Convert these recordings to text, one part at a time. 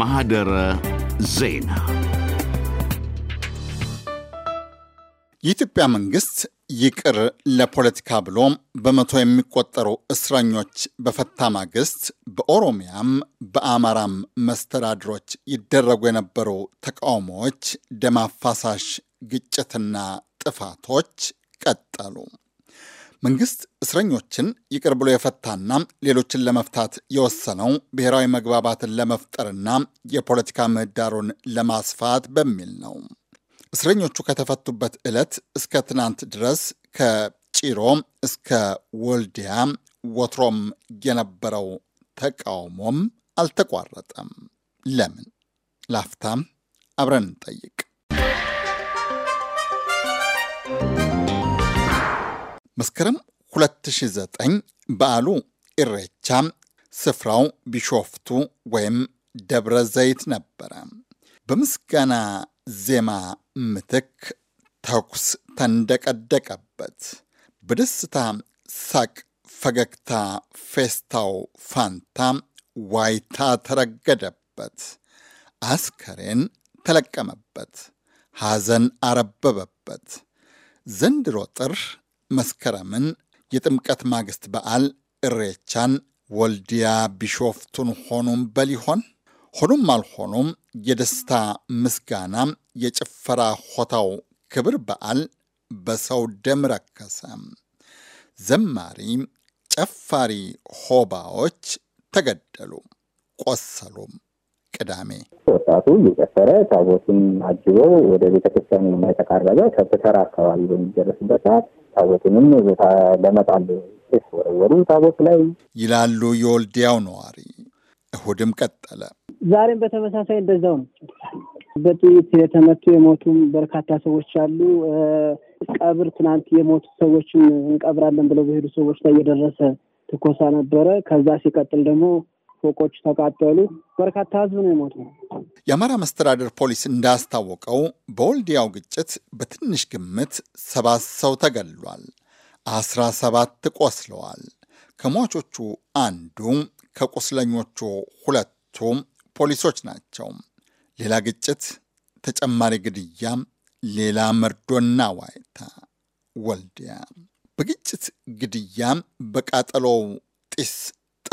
ማህደረ ዜና። የኢትዮጵያ መንግስት ይቅር ለፖለቲካ ብሎ በመቶ የሚቆጠሩ እስረኞች በፈታ ማግስት በኦሮሚያም በአማራም መስተዳድሮች ይደረጉ የነበሩ ተቃውሞዎች፣ ደም አፋሳሽ ግጭትና ጥፋቶች ቀጠሉ። መንግስት እስረኞችን ይቅር ብሎ የፈታና ሌሎችን ለመፍታት የወሰነው ብሔራዊ መግባባትን ለመፍጠርና የፖለቲካ ምህዳሩን ለማስፋት በሚል ነው። እስረኞቹ ከተፈቱበት ዕለት እስከ ትናንት ድረስ ከጭሮ እስከ ወልዲያ ወትሮም የነበረው ተቃውሞም አልተቋረጠም። ለምን? ላፍታም አብረን እንጠይቅ። መስከረም 2009 በዓሉ ኢሬቻ ስፍራው ቢሾፍቱ ወይም ደብረ ዘይት ነበረ። በምስጋና ዜማ ምትክ ተኩስ ተንደቀደቀበት። በደስታ ሳቅ፣ ፈገግታ፣ ፌስታው ፋንታ ዋይታ ተረገደበት። አስከሬን ተለቀመበት። ሐዘን አረበበበት። ዘንድሮ ጥር መስከረምን የጥምቀት ማግስት በዓል እሬቻን ወልዲያ ቢሾፍቱን ሆኑም በል ይሆን? ሆኑም አልሆኑም የደስታ ምስጋና፣ የጭፈራ ሆታው ክብር በዓል በሰው ደም ረከሰ። ዘማሪ ጨፋሪ ሆባዎች ተገደሉ፣ ቆሰሉም። ቅዳሜ ወጣቱ እየጨፈረ ታቦቱን አጅበው ወደ ቤተክርስቲያን የተቃረበ ከብተራ አካባቢ በሚደረስበት ሰዓት ታቦቱንም ለመጣል ስ ወረወሩ ታቦት ላይ ይላሉ የወልዲያው ነዋሪ። እሁድም ቀጠለ። ዛሬም በተመሳሳይ እንደዛው ነው። በጥይት የተመቱ የሞቱም በርካታ ሰዎች አሉ። ቀብር ትናንት የሞቱ ሰዎችን እንቀብራለን ብለው በሄዱ ሰዎች ላይ የደረሰ ትኮሳ ነበረ። ከዛ ሲቀጥል ደግሞ ፎቆች ተቃጠሉ። በርካታ ህዝብ ነው ነው። የአማራ መስተዳደር ፖሊስ እንዳስታወቀው በወልዲያው ግጭት በትንሽ ግምት ሰባት ሰው ተገድሏል፣ አስራ ሰባት ቆስለዋል። ከሟቾቹ አንዱ ከቁስለኞቹ ሁለቱ ፖሊሶች ናቸው። ሌላ ግጭት፣ ተጨማሪ ግድያ፣ ሌላ መርዶና ዋይታ። ወልዲያ በግጭት ግድያ፣ በቃጠሎው ጢስ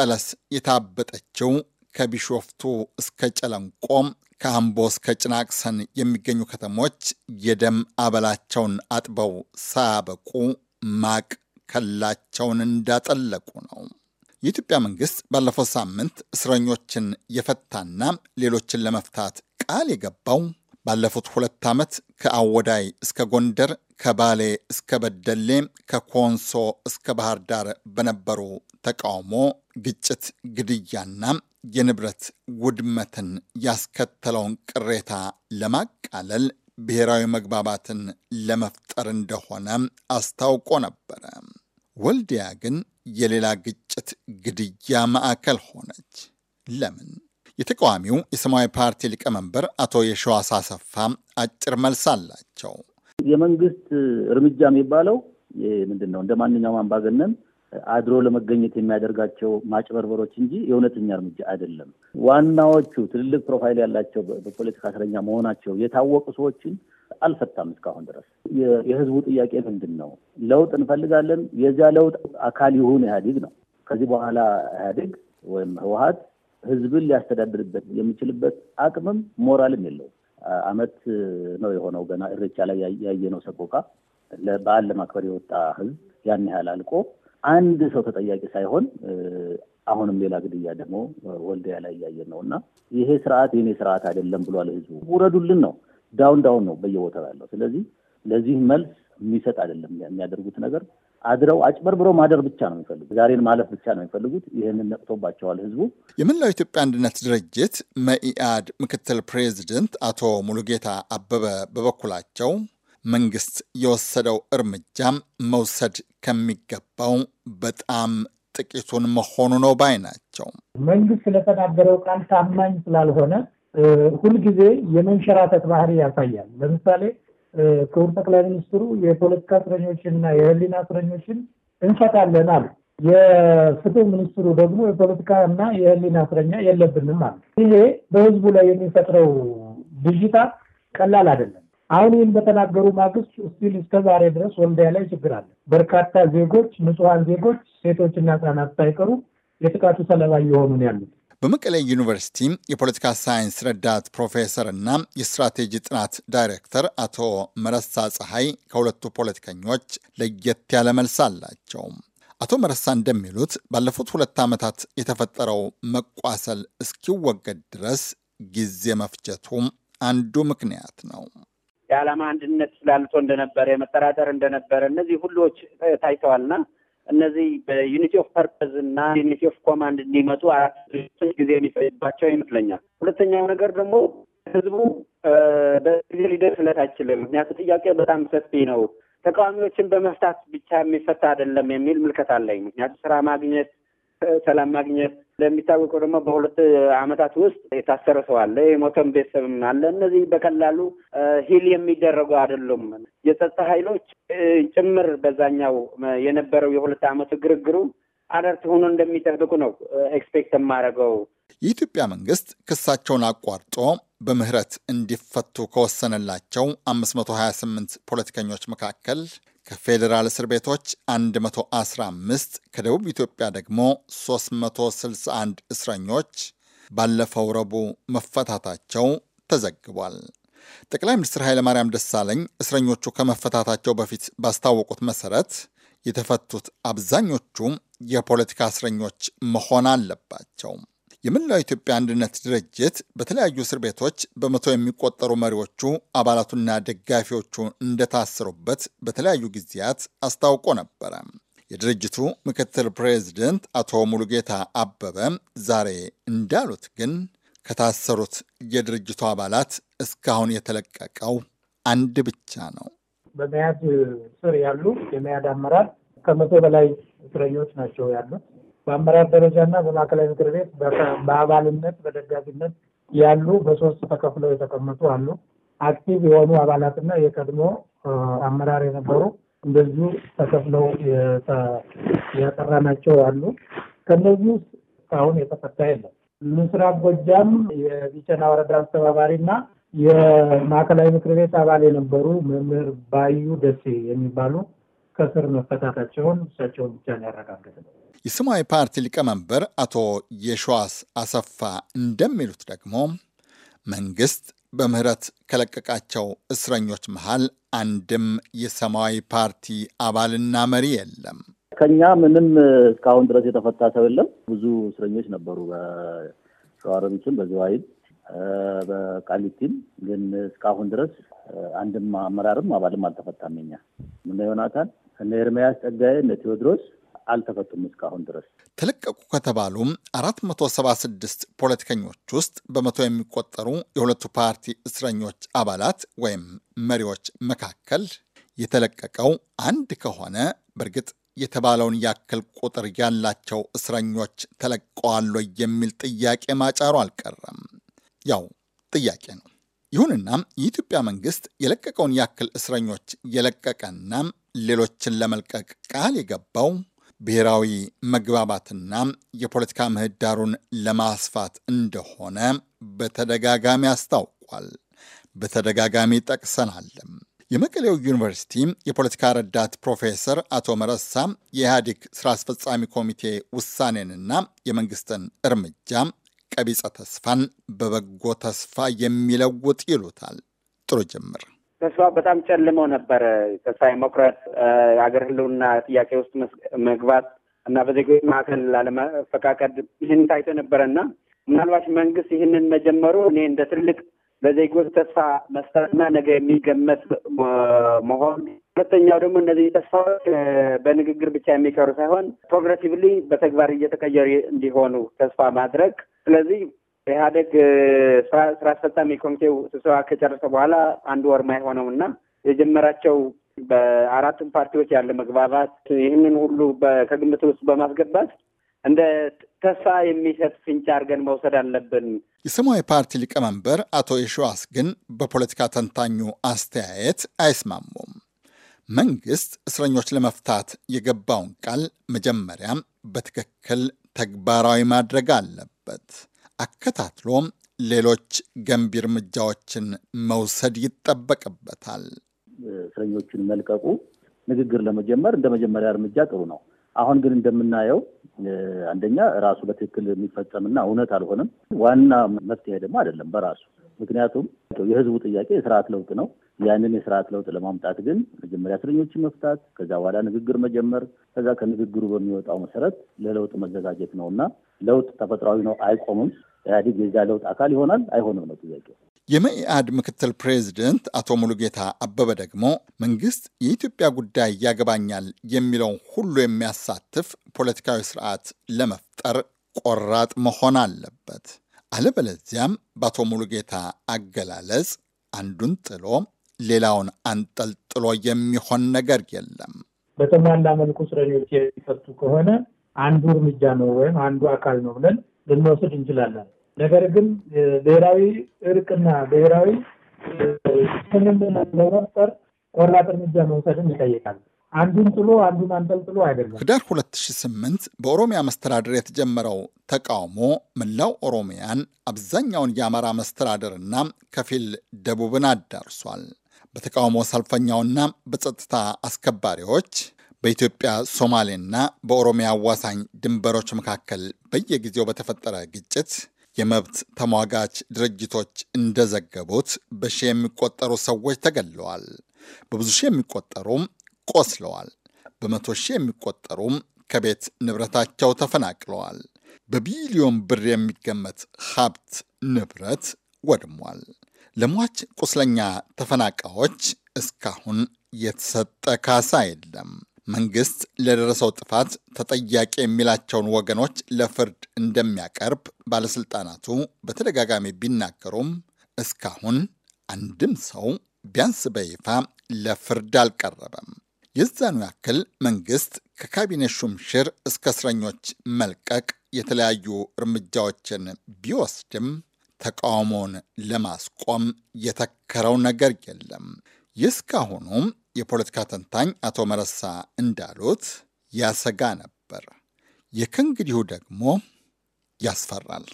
ጠለስ የታበጠችው ከቢሾፍቱ እስከ ጨለንቆም ከአምቦ እስከ ጭናቅሰን የሚገኙ ከተሞች የደም አበላቸውን አጥበው ሳያበቁ ማቅ ከላቸውን እንዳጠለቁ ነው። የኢትዮጵያ መንግስት ባለፈው ሳምንት እስረኞችን የፈታና ሌሎችን ለመፍታት ቃል የገባው ባለፉት ሁለት ዓመት ከአወዳይ እስከ ጎንደር ከባሌ እስከ በደሌ ከኮንሶ እስከ ባህር ዳር በነበሩ ተቃውሞ፣ ግጭት፣ ግድያና የንብረት ውድመትን ያስከተለውን ቅሬታ ለማቃለል ብሔራዊ መግባባትን ለመፍጠር እንደሆነ አስታውቆ ነበረ። ወልዲያ ግን የሌላ ግጭት፣ ግድያ ማዕከል ሆነች። ለምን? የተቃዋሚው የሰማያዊ ፓርቲ ሊቀመንበር አቶ የሸዋስ አሰፋ አጭር መልስ አላቸው። የመንግስት እርምጃ የሚባለው ምንድን ነው? እንደ ማንኛውም አምባገነን አድሮ ለመገኘት የሚያደርጋቸው ማጭበርበሮች እንጂ የእውነተኛ እርምጃ አይደለም። ዋናዎቹ ትልልቅ ፕሮፋይል ያላቸው በፖለቲካ እስረኛ መሆናቸው የታወቁ ሰዎችን አልፈታም እስካሁን ድረስ። የህዝቡ ጥያቄ ምንድን ነው? ለውጥ እንፈልጋለን። የዚያ ለውጥ አካል ይሁን ኢህአዴግ ነው። ከዚህ በኋላ ኢህአዴግ ወይም ህወሀት ህዝብን ሊያስተዳድርበት የሚችልበት አቅምም ሞራልም የለውም። አመት ነው የሆነው ገና እርቻ ላይ ያየነው ሰቆቃ በዓል ለማክበር የወጣ ህዝብ ያን ያህል አልቆ አንድ ሰው ተጠያቂ ሳይሆን አሁንም ሌላ ግድያ ደግሞ ወልዲያ ላይ እያየን ነው እና ይሄ ስርዓት የኔ ስርዓት አይደለም ብሏል ህዝቡ። ውረዱልን ነው ዳውን ዳውን ነው በየቦታው ያለው። ስለዚህ ለዚህ መልስ የሚሰጥ አይደለም የሚያደርጉት ነገር አድረው አጭበርብሮ ማደር ብቻ ነው የሚፈልጉት። ዛሬን ማለፍ ብቻ ነው የሚፈልጉት። ይህንን ነቅቶባቸዋል ህዝቡ። የመላው ኢትዮጵያ አንድነት ድርጅት መኢአድ ምክትል ፕሬዚደንት አቶ ሙሉጌታ አበበ በበኩላቸው መንግስት የወሰደው እርምጃም መውሰድ ከሚገባው በጣም ጥቂቱን መሆኑ ነው ባይ ናቸው። መንግስት ስለተናገረው ቃል ታማኝ ስላልሆነ ሁልጊዜ የመንሸራተት ባህሪ ያሳያል። ለምሳሌ ክቡር ጠቅላይ ሚኒስትሩ የፖለቲካ እስረኞችን እና የህሊና እስረኞችን እንፈታለን አሉ። የፍትህ ሚኒስትሩ ደግሞ የፖለቲካ እና የህሊና እስረኛ የለብንም አሉ። ይሄ በህዝቡ ላይ የሚፈጥረው ብዥታ ቀላል አይደለም። አሁን ይህን በተናገሩ ማግስት እስቲል እስከዛሬ ድረስ ወልዲያ ላይ ችግር አለ። በርካታ ዜጎች፣ ንጹሐን ዜጎች፣ ሴቶችና ህጻናት ሳይቀሩ የጥቃቱ ሰለባ እየሆኑ ነው ያሉት። በመቀሌ ዩኒቨርሲቲ የፖለቲካ ሳይንስ ረዳት ፕሮፌሰር እና የስትራቴጂ ጥናት ዳይሬክተር አቶ መረሳ ፀሐይ ከሁለቱ ፖለቲከኞች ለየት ያለ መልስ አላቸው። አቶ መረሳ እንደሚሉት ባለፉት ሁለት ዓመታት የተፈጠረው መቋሰል እስኪወገድ ድረስ ጊዜ መፍጀቱ አንዱ ምክንያት ነው። የዓላማ አንድነት ስላልቶ እንደነበረ፣ የመጠራጠር እንደነበረ እነዚህ ሁሎች ታይተዋልና እነዚህ በዩኒቲ ኦፍ ፐርፐዝ እና ዩኒቲ ኦፍ ኮማንድ እንዲመጡ አራት ጊዜ የሚፈጅባቸው ይመስለኛል። ሁለተኛው ነገር ደግሞ ህዝቡ በጊዜ ሊደርስ ለት አይችልም። ምክንያቱ ጥያቄ በጣም ሰፊ ነው። ተቃዋሚዎችን በመፍታት ብቻ የሚፈታ አይደለም የሚል ምልከት አለኝ። ምክንያቱ ስራ ማግኘት ሰላም ማግኘት እንደሚታወቀው ደግሞ በሁለት አመታት ውስጥ የታሰረ ሰው አለ፣ የሞተም ቤተሰብም አለ። እነዚህ በቀላሉ ሂል የሚደረጉ አይደሉም። የጸጥታ ኃይሎች ጭምር በዛኛው የነበረው የሁለት ዓመቱ ግርግሩ አለርት ሆኖ እንደሚጠብቁ ነው ኤክስፔክት የማደርገው። የኢትዮጵያ መንግስት ክሳቸውን አቋርጦ በምህረት እንዲፈቱ ከወሰነላቸው 528 ፖለቲከኞች መካከል ከፌዴራል እስር ቤቶች 115 ከደቡብ ኢትዮጵያ ደግሞ 361 እስረኞች ባለፈው ረቡዕ መፈታታቸው ተዘግቧል። ጠቅላይ ሚኒስትር ኃይለማርያም ደሳለኝ እስረኞቹ ከመፈታታቸው በፊት ባስታወቁት መሰረት የተፈቱት አብዛኞቹ የፖለቲካ እስረኞች መሆን አለባቸው። የመላው ኢትዮጵያ አንድነት ድርጅት በተለያዩ እስር ቤቶች በመቶ የሚቆጠሩ መሪዎቹ አባላቱና ደጋፊዎቹ እንደታሰሩበት በተለያዩ ጊዜያት አስታውቆ ነበረ። የድርጅቱ ምክትል ፕሬዚደንት አቶ ሙሉጌታ አበበ ዛሬ እንዳሉት ግን ከታሰሩት የድርጅቱ አባላት እስካሁን የተለቀቀው አንድ ብቻ ነው። በመያድ ስር ያሉ የመያድ አመራር ከመቶ በላይ እስረኞች ናቸው ያሉት በአመራር ደረጃ እና በማዕከላዊ ምክር ቤት በአባልነት በደጋፊነት ያሉ በሶስት ተከፍለው የተቀመጡ አሉ። አክቲቭ የሆኑ አባላትና የቀድሞ አመራር የነበሩ እንደዚሁ ተከፍለው ያጠራናቸው አሉ። ከእነዚህ ውስጥ እስካሁን የተፈታ የለም። ምስራቅ ጎጃም የቢቸና ወረዳ አስተባባሪ እና የማዕከላዊ ምክር ቤት አባል የነበሩ መምህር ባዩ ደሴ የሚባሉ ከስር መፈታታቸውን እሳቸውን ብቻ ያረጋገጥ ነው። የሰማያዊ ፓርቲ ሊቀመንበር አቶ የሸዋስ አሰፋ እንደሚሉት ደግሞ መንግስት በምህረት ከለቀቃቸው እስረኞች መሃል አንድም የሰማያዊ ፓርቲ አባልና መሪ የለም። ከኛ ምንም እስካሁን ድረስ የተፈታ ሰው የለም። ብዙ እስረኞች ነበሩ በሸዋሮቢትም በዝዋይም በቃሊቲም ግን እስካሁን ድረስ አንድም አመራርም አባልም አልተፈታም። ኛ ምነው ዮናታን እነ ኤርሚያስ ጸጋዬ፣ እነ ቴዎድሮስ አልተፈቱም እስካሁን ድረስ። ተለቀቁ ከተባሉም 476 ፖለቲከኞች ውስጥ በመቶ የሚቆጠሩ የሁለቱ ፓርቲ እስረኞች አባላት ወይም መሪዎች መካከል የተለቀቀው አንድ ከሆነ በእርግጥ የተባለውን ያክል ቁጥር ያላቸው እስረኞች ተለቀዋል የሚል ጥያቄ ማጫሩ አልቀረም። ያው ጥያቄ ነው። ይሁንና የኢትዮጵያ መንግስት የለቀቀውን ያክል እስረኞች የለቀቀና ሌሎችን ለመልቀቅ ቃል የገባው ብሔራዊ መግባባትና የፖለቲካ ምህዳሩን ለማስፋት እንደሆነ በተደጋጋሚ አስታውቋል። በተደጋጋሚ ጠቅሰናለም። የመቀሌው ዩኒቨርሲቲ የፖለቲካ ረዳት ፕሮፌሰር አቶ መረሳ የኢህአዴግ ስራ አስፈጻሚ ኮሚቴ ውሳኔንና የመንግስትን እርምጃ ቀቢጸ ተስፋን በበጎ ተስፋ የሚለውጥ ይሉታል። ጥሩ ጅምር ተስፋ በጣም ጨልመው ነበረ ተስፋ መቁረጥ፣ የሀገር ህልውና ጥያቄ ውስጥ መግባት እና በዜጎች መካከል ላለመፈቃቀድ ይህን ታይቶ ነበረ እና ምናልባት መንግስት ይህንን መጀመሩ እኔ እንደ ትልቅ ለዜጎች ተስፋ መስጠትና ነገ የሚገመት መሆን፣ ሁለተኛው ደግሞ እነዚህ ተስፋዎች በንግግር ብቻ የሚቀሩ ሳይሆን ፕሮግረሲቭሊ በተግባር እየተቀየሩ እንዲሆኑ ተስፋ ማድረግ ስለዚህ ኢህአዴግ ስራ አስፈጻሚ ኮሚቴው ስብሰባ ከጨረሰ በኋላ አንድ ወር ማይሆነው እና የጀመራቸው በአራቱም ፓርቲዎች ያለ መግባባት ይህንን ሁሉ ከግምት ውስጥ በማስገባት እንደ ተስፋ የሚሰጥ ፍንጭ አድርገን መውሰድ አለብን። የሰማያዊ ፓርቲ ሊቀመንበር አቶ የሸዋስ ግን በፖለቲካ ተንታኙ አስተያየት አይስማሙም። መንግስት እስረኞች ለመፍታት የገባውን ቃል መጀመሪያም በትክክል ተግባራዊ ማድረግ አለበት። አከታትሎም ሌሎች ገንቢ እርምጃዎችን መውሰድ ይጠበቅበታል። እስረኞቹን መልቀቁ ንግግር ለመጀመር እንደ መጀመሪያ እርምጃ ጥሩ ነው። አሁን ግን እንደምናየው አንደኛ ራሱ በትክክል የሚፈጸምና እውነት አልሆነም። ዋና መፍትሄ ደግሞ አይደለም በራሱ ምክንያቱም የህዝቡ ጥያቄ የስርዓት ለውጥ ነው። ያንን የስርዓት ለውጥ ለማምጣት ግን መጀመሪያ እስረኞችን መፍታት፣ ከዛ በኋላ ንግግር መጀመር፣ ከዛ ከንግግሩ በሚወጣው መሰረት ለለውጥ መዘጋጀት ነው እና ለውጥ ተፈጥሯዊ ነው፣ አይቆምም። ኢህአዴግ የዛ ለውጥ አካል ይሆናል አይሆንም ነው ጥያቄ። የመኢአድ ምክትል ፕሬዚደንት አቶ ሙሉጌታ አበበ ደግሞ መንግስት የኢትዮጵያ ጉዳይ ያገባኛል የሚለውን ሁሉ የሚያሳትፍ ፖለቲካዊ ስርዓት ለመፍጠር ቆራጥ መሆን አለበት። አለበለዚያም በአቶ ሙሉጌታ አገላለጽ አንዱን ጥሎ ሌላውን አንጠልጥሎ የሚሆን ነገር የለም። በተሟላ መልኩ እስረኞች የሚፈቱ ከሆነ አንዱ እርምጃ ነው ወይም አንዱ አካል ነው ብለን ልንወስድ እንችላለን። ነገር ግን ብሔራዊ እርቅና ብሔራዊ ስምምነት ለመፍጠር ቆራጥ እርምጃ መውሰድን ይጠይቃል። አንዱን ጥሎ አንዱን አንጠልጥሎ አይደለም። ህዳር 2008 በኦሮሚያ መስተዳደር የተጀመረው ተቃውሞ መላው ኦሮሚያን፣ አብዛኛውን የአማራ መስተዳደርና ከፊል ደቡብን አዳርሷል። በተቃውሞ ሰልፈኛውና በጸጥታ አስከባሪዎች በኢትዮጵያ ሶማሌና በኦሮሚያ አዋሳኝ ድንበሮች መካከል በየጊዜው በተፈጠረ ግጭት የመብት ተሟጋች ድርጅቶች እንደዘገቡት በሺ የሚቆጠሩ ሰዎች ተገለዋል። በብዙ ሺህ የሚቆጠሩም ቆስለዋል። በመቶ ሺህ የሚቆጠሩም ከቤት ንብረታቸው ተፈናቅለዋል። በቢሊዮን ብር የሚገመት ሀብት ንብረት ወድሟል። ለሟች ቁስለኛ ተፈናቃዮች እስካሁን የተሰጠ ካሳ የለም። መንግስት ለደረሰው ጥፋት ተጠያቂ የሚላቸውን ወገኖች ለፍርድ እንደሚያቀርብ ባለስልጣናቱ በተደጋጋሚ ቢናገሩም እስካሁን አንድም ሰው ቢያንስ በይፋ ለፍርድ አልቀረበም። የዛኑ ያክል መንግስት ከካቢኔ ሹምሽር እስከ እስረኞች መልቀቅ የተለያዩ እርምጃዎችን ቢወስድም ተቃውሞውን ለማስቆም የተከረው ነገር የለም። ይስካሁኑም የፖለቲካ ተንታኝ አቶ መረሳ እንዳሉት ያሰጋ ነበር። የከእንግዲሁ ደግሞ ያስፈራል።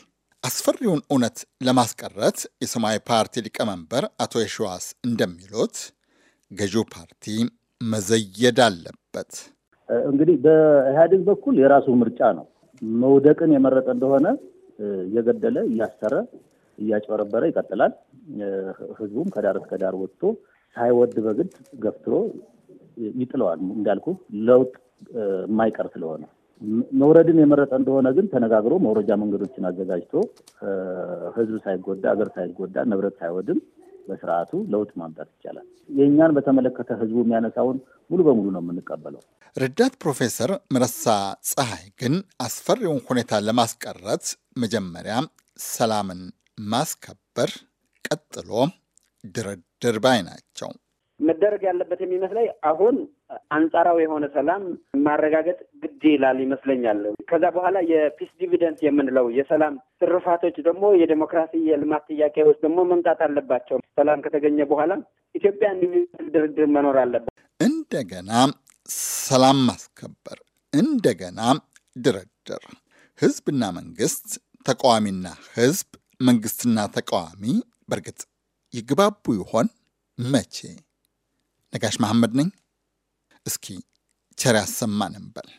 አስፈሪውን እውነት ለማስቀረት የሰማያዊ ፓርቲ ሊቀመንበር አቶ የሸዋስ እንደሚሉት ገዢው ፓርቲ መዘየድ አለበት። እንግዲህ በኢህአዴግ በኩል የራሱ ምርጫ ነው። መውደቅን የመረጠ እንደሆነ እየገደለ እያሰረ እያጨበረበረ ይቀጥላል። ህዝቡም ከዳር እስከ ዳር ወጥቶ ሳይወድ በግድ ገፍትሮ ይጥለዋል። እንዳልኩ ለውጥ የማይቀር ስለሆነ መውረድን የመረጠ እንደሆነ ግን ተነጋግሮ መውረጃ መንገዶችን አዘጋጅቶ ህዝብ ሳይጎዳ፣ አገር ሳይጎዳ፣ ንብረት ሳይወድም በስርዓቱ ለውጥ ማምጣት ይቻላል። የእኛን በተመለከተ ህዝቡ የሚያነሳውን ሙሉ በሙሉ ነው የምንቀበለው። ረዳት ፕሮፌሰር መረሳ ፀሐይ ግን አስፈሪውን ሁኔታ ለማስቀረት መጀመሪያ ሰላምን ማስከበር ቀጥሎ ድርድር ባይ ናቸው። መደረግ ያለበት የሚመስለኝ አሁን አንጻራዊ የሆነ ሰላም ማረጋገጥ ግድ ይላል ይመስለኛል። ከዛ በኋላ የፒስ ዲቪደንት የምንለው የሰላም ትርፋቶች ደግሞ የዴሞክራሲ የልማት ጥያቄዎች ደግሞ መምጣት አለባቸው። ሰላም ከተገኘ በኋላ ኢትዮጵያ ድርድር መኖር አለበት። እንደገና ሰላም ማስከበር፣ እንደገና ድርድር፣ ህዝብና መንግስት፣ ተቃዋሚና ህዝብ መንግስትና ተቃዋሚ በእርግጥ ይግባቡ ይሆን? መቼ? ነጋሽ መሐመድ ነኝ። እስኪ ቸር ያሰማን እንበል።